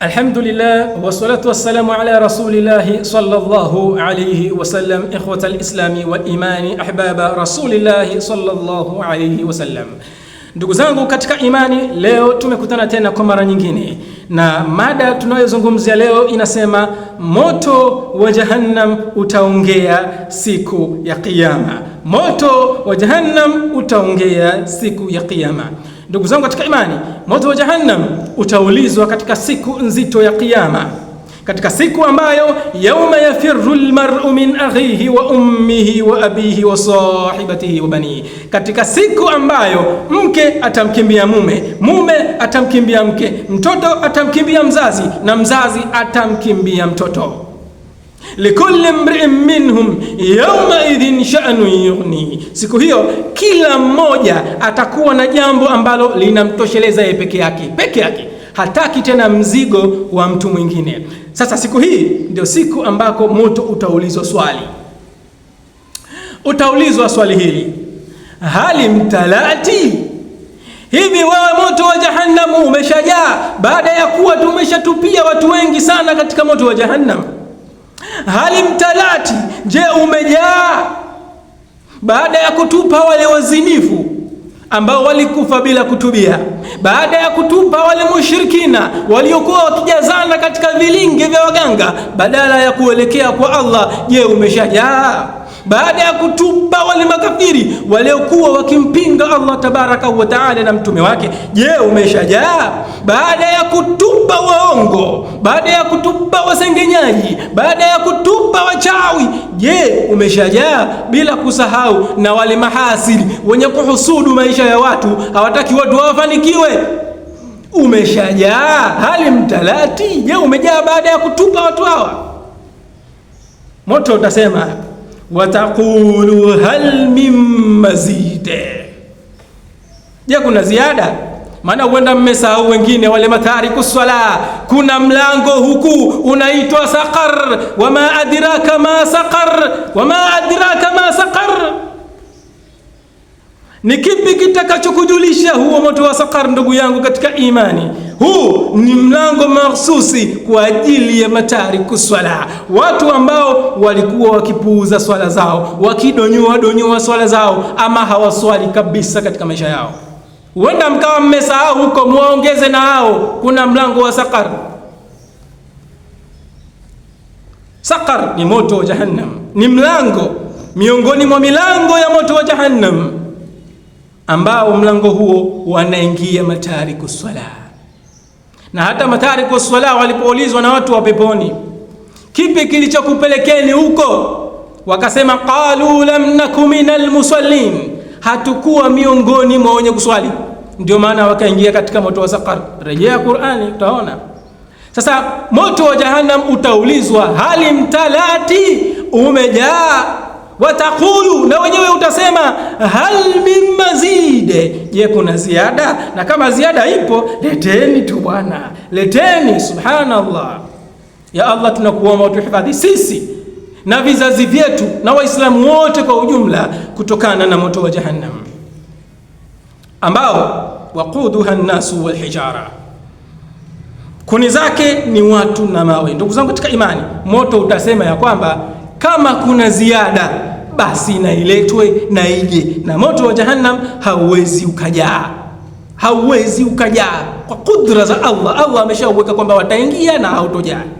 Alhamdulillah wassalatu wassalamu ala rasulillahi sallallahu alayhi wasallam. Ikhwata alislami wal ahbaba rasulillahi sallallahu alayhi wasallam. Ndugu zangu katika imani, leo tumekutana tena kwa mara nyingine, na mada tunayozungumzia leo inasema moto wa jahannam utaongea siku ya Kiyama. Moto wa jahannam utaongea siku ya Kiyama. Ndugu zangu katika imani, moto wa Jahannam utaulizwa katika siku nzito ya Kiyama, katika siku ambayo yauma yafiru lmaru min akhihi wa ummihi wa abihi wa sahibatihi wa banihi, katika siku ambayo mke atamkimbia mume, mume atamkimbia mke, mtoto atamkimbia mzazi, na mzazi atamkimbia mtoto likulli mri'in minhum yaumaidhin idhin sha'nu yughni, siku hiyo kila mmoja atakuwa na jambo ambalo linamtosheleza yeye peke yake peke yake, hataki tena mzigo wa mtu mwingine. Sasa siku hii ndio siku ambako moto utaulizwa swali, utaulizwa swali hili, hali mtalati Hivi wewe moto wa Jahannamu umeshajaa? Baada ya kuwa tumeshatupia watu wengi sana katika moto wa Jahannam hali mtalati, je, umejaa? Baada ya kutupa wale wazinifu ambao walikufa bila kutubia, baada ya kutupa wale mushirikina waliokuwa wakijazana katika vilingi vya waganga badala ya kuelekea kwa Allah, je, umeshajaa? baada ya kutupa wale makafiri waliokuwa wakimpinga Allah tabaraka wa taala na mtume wake. Je, umeshajaa? Baada ya kutupa waongo, baada ya kutupa wasengenyaji, baada ya kutupa wachawi, je, umeshajaa? Bila kusahau na wale mahasiri wenye kuhusudu maisha ya watu, hawataki watu wafanikiwe Umeshajaa hali mtalati. Je, umejaa baada ya kutupa watu hawa? Moto utasema wataqulu hal min mazid, je, kuna ziada? Maana huenda mmesahau wengine wale matariku swala. Kuna mlango huku unaitwa saqar, wama adraka ma saqar, wama adraka ma saqar. Ni kipi kitakachokujulisha huo moto wa saqar, ndugu yangu katika imani? huu ni mlango mahsusi kwa ajili ya matariku swala, watu ambao walikuwa wakipuuza swala zao, wakidonyoa donyoa swala zao, ama hawaswali kabisa katika maisha yao. Huenda mkawa mmesahau huko, muwaongeze na hao. Kuna mlango wa saqar. Saqar ni moto wa Jahannam, ni mlango miongoni mwa milango ya moto wa Jahannam, ambao mlango huo wanaingia matariku swala na hata matariku swala walipoulizwa na watu wa peponi, kipi kilichokupelekeni huko? Wakasema qalu lam naku minal musallin, hatukuwa miongoni mwa wenye kuswali, ndio maana wakaingia katika moto wa Saqar. Rejea Qur'ani utaona. Sasa moto wa Jahannam utaulizwa hali mtalati umejaa, watakulu na wenyewe utasema hal mimma ile. Eh, je, kuna ziada? Na kama ziada ipo, leteni tu bwana, leteni. Subhanallah, ya Allah, tunakuomba utuhifadhi sisi na vizazi vyetu na Waislamu wote kwa ujumla kutokana na moto wa Jahannam ambao waquduha nnasu walhijara, kuni zake ni watu na mawe. Ndugu zangu katika imani, moto utasema ya kwamba kama kuna ziada basi na iletwe na ije, na moto wa Jahannam hauwezi ukajaa, hauwezi ukajaa kwa kudra za Allah. Allah ameshauweka kwamba wataingia na hautojaa.